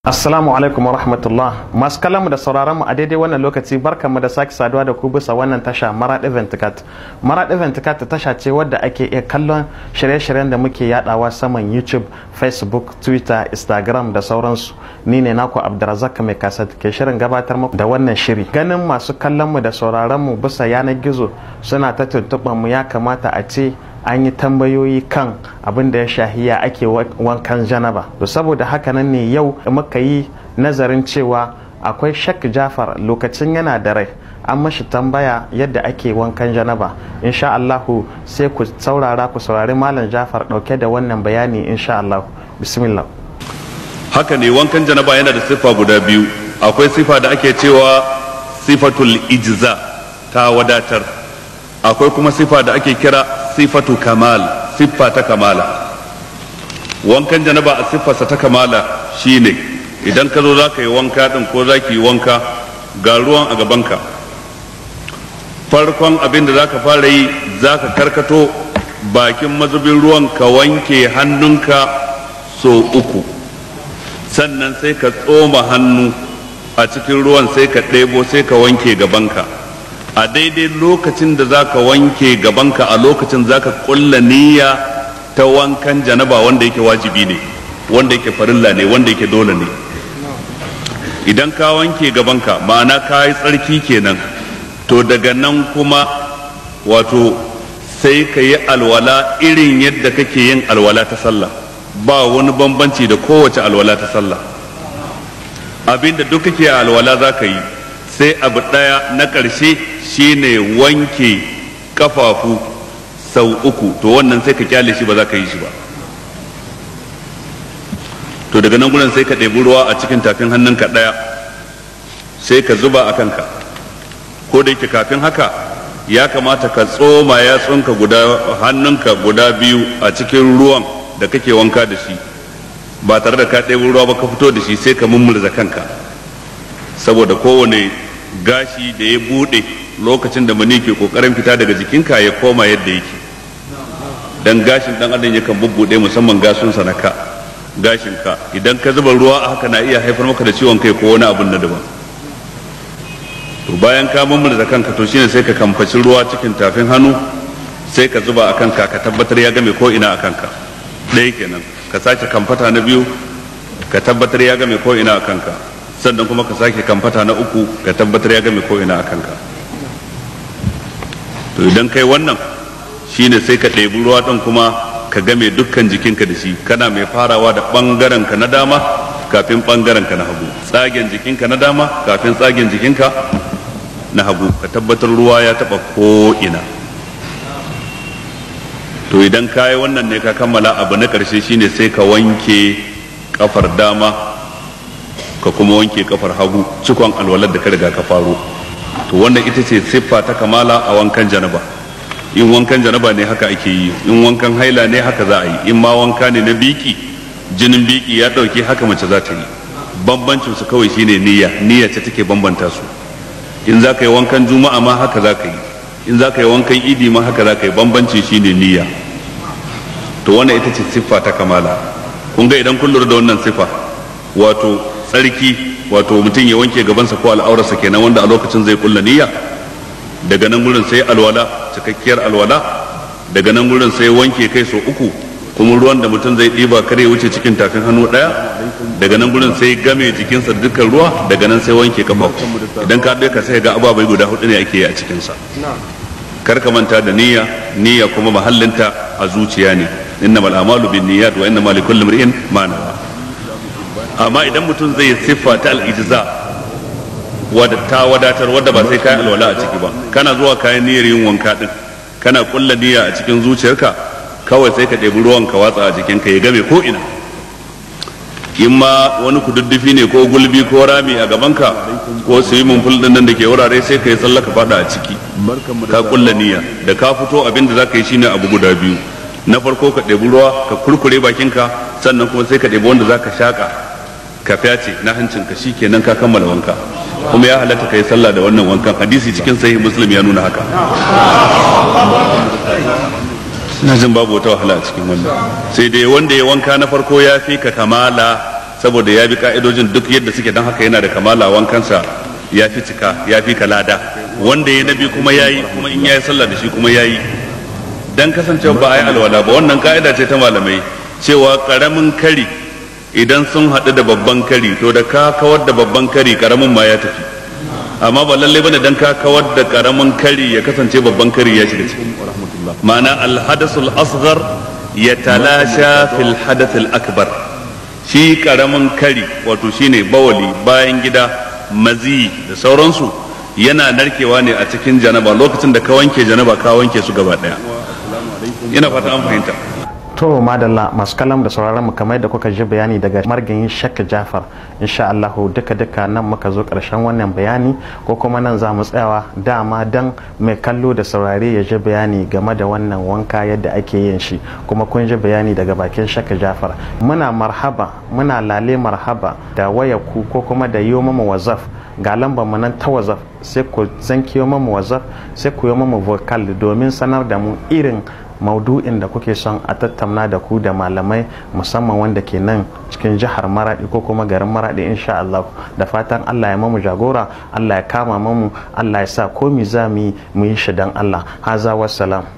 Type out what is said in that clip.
Assalamu alaikum wa rahmatullah. Masu kalamu da sauraron mu a daidai wannan lokaci barkanmu da sake saduwa da ku bisa wannan tasha Maraɗi Mara Maraɗi Venticat tasha ce wadda ake iya kallon shirye-shiryen da muke yaɗawa saman YouTube, Facebook, Twitter, Instagram da sauransu. Ni ne naku Abdulrazak mai kasat ke shirin gabatar muku da wannan shiri. Ganin masu kallon mu da sauraron mu bisa yanar gizo suna ta tuntuɓar mu ya kamata a ce an yi tambayoyi kan abin da ya shahiya ake wankan janaba to saboda haka nan ne yau muka yi nazarin cewa akwai shak jafar lokacin yana da rai an mashi tambaya yadda ake wankan janaba insha allahu sai ku saurara ku saurari malam jafar dauke da wannan bayani insha allahu bismillah haka ne wankan janaba yana da sifa guda biyu akwai sifa da ake cewa sifatul ijza ta wadatar akwai kuma sifa da ake kira sifatu kamal siffa ta kamala wankan janaba a siffarsa ta kamala shine idan ka zo za ka yi wanka din ko za yi wanka ga ruwan a gabanka farkon abin da za fara yi zaka karkato bakin mazubin ruwan ka wanke hannunka so uku sannan sai ka tsoma hannu a cikin ruwan sai ka ɗebo sai ka wanke gabanka a daidai lokacin da zaka wanke gabanka a lokacin zaka kulla niyya ta wankan janaba wanda yake wajibi ne wanda yake farilla ne wanda yake dole ne idan ka wanke gabanka ma'ana ka yi tsarki kenan to daga nan kuma wato sai ka yi alwala irin yadda kake yin alwala ta sallah ba wani bambanci da kowace alwala ta sallah abinda duk kake alwala za ka yi sai abu ɗaya na ƙarshe shine wanke kafafu sau uku to wannan sai ka kyale shi ba za ka yi shi ba to daga nan gudan sai ka ɗebi ruwa a cikin tafin hannunka ɗaya sai ka zuba a kanka ko da yake kafin haka ya kamata ka tsoma yatsunka guda hannunka guda biyu a cikin ruwan da kake wanka da shi ba tare da ka ɗebi ruwa ba ka fito da shi sai ka mummurza kanka saboda kowane gashi da ya bude lokacin da mani ke kokarin fita daga jikin ka ya koma yadda yake dan gashin dan adam yakan bubbude musamman gasunsa na ka gashin ka idan ka zuba ruwa a haka na iya haifar maka da ciwon kai ko wani abu na daban to bayan ka da kanka to shine sai ka kamfaci ruwa cikin tafin hannu sai ka zuba a kanka ka tabbatar ya game ko ina a kanka ɗaya kenan ka sake kamfata na biyu ka tabbatar ya game ko ina a kanka sannan kuma ka sake kamfata na uku ka tabbatar ya game koina ina a kanka to idan kai wannan shine sai ka ɗebi ruwa ɗin kuma ka game dukkan jikinka da shi kana mai farawa da ɓangarenka na dama kafin ɓangarenka na hagu tsagen jikinka na dama kafin tsagen jikinka na hagu ka tabbatar ruwa ya taɓa ko to idan kayi wannan ne ka kammala abu na ƙarshe shine sai ka wanke ƙafar dama ka kuma wanke kafar hagu cikon alwalar da ka riga ka faro to wannan ita ce siffa ta kamala a wankan janaba in wankan janaba ne haka ake yi in wankan haila ne haka za a yi in ma wanka ne na biki jinin biki ya dauke haka mace za ta yi bambancin su kawai shine niyya niyya ce take bambanta su in za ka yi wankan juma'a ma haka za ka yi in za ka yi wankan idi ma haka za ka yi bambancin shine niyya to wannan ita ce siffa ta kamala kun ga idan kun lura da wannan siffa wato Sarki wato mutum ya wanke gabansa ko al'aurarsa kenan wanda a lokacin zai kulla niyya daga nan gurin sai alwala cikakkiyar alwala daga nan gurin sai wanke kai so uku kuma ruwan da mutum zai ɗiba kare wuce cikin takan hannu daya daga nan gurin sai game jikinsa da dukkan ruwa daga nan sai wanke kafa idan ka ka sai ga ababai guda hudu ne ake yi a cikinsa kar ka manta da niyya niyya kuma mahallinta a zuciya ne innamal a'malu binniyat wa innamal likulli imrin ma nawa amma idan mutum zai siffa ta al'ijiza ta wadatar wadda ba sai kayan alwala a ciki ba kana zuwa kayan niyyar yin wanka din kana kulla niyya a cikin zuciyarka kawai sai ka ɗebi ruwan ka watsa a jikin ka ya game ko ina in ma wani kududdufi ne ko gulbi ko rami a gaban ka ko swimming pool din nan da ke wurare sai ka yi sallah ka fada a ciki ka kulla niyya da ka fito abin da ka yi shine abu guda biyu na farko ka ɗebi ruwa ka kurkure bakinka sannan kuma sai ka ɗebi wanda za ka shaka ka fyace na hancin hancinka shikenan ka kammala wanka kuma ya halatta kai sallah da wannan wankan hadisi cikin sahih muslim ya nuna haka na jin babu wata wahala a cikin wannan sai dai wanda ya wanka na farko ya fi ka kamala saboda ya bi ka'idojin duk yadda suke don haka yana da kamala wankansa ya fi cika ya fi ka lada wanda ya nabi kuma yayi kuma in yayi sallah da shi kuma yayi dan kasancewa ba ai alwala ba wannan ka'ida ce ta malamai cewa karamin kari idan sun haɗu da babban kari to da ka kawar da babban kari karamin ma ya tafi amma ba lallai bane dan ka kawar da karamin kari ya kasance babban kari ya shiga ciki ma'ana alhadasul asghar ya talasha fil hadathil akbar shi karamin kari wato shine bawali bayan gida mazi da sauransu yana narkewa ne a cikin janaba lokacin da ka wanke janaba ka wanke su gaba daya ina fata an fahimta to madalla masu kalam da sauraron mu kamar da kuka ji bayani daga margayin shakka jafar insha Allah duka duka nan muka zo karshen wannan bayani ko kuma nan za mu tsayawa dama dan mai kallo da saurare ya ji bayani game da wannan wanka yadda ake yin shi kuma kun ji bayani daga bakin shakka jafar muna marhaba muna lale marhaba da wayaku ko kuma da yi mu wazaf ga lambar mu nan ta wazaf sai ku zankiyo mu wazaf sai ku yi mu vocal domin sanar da mu irin maudu'in da kuke son a tattauna da ku da malamai musamman wanda ke nan cikin jihar maradi ko kuma garin maradi insha Allah da fatan Allah ya mamu jagora Allah ya kama mamu Allah ya sa komi za mu yi shi dan Allah haza wassalam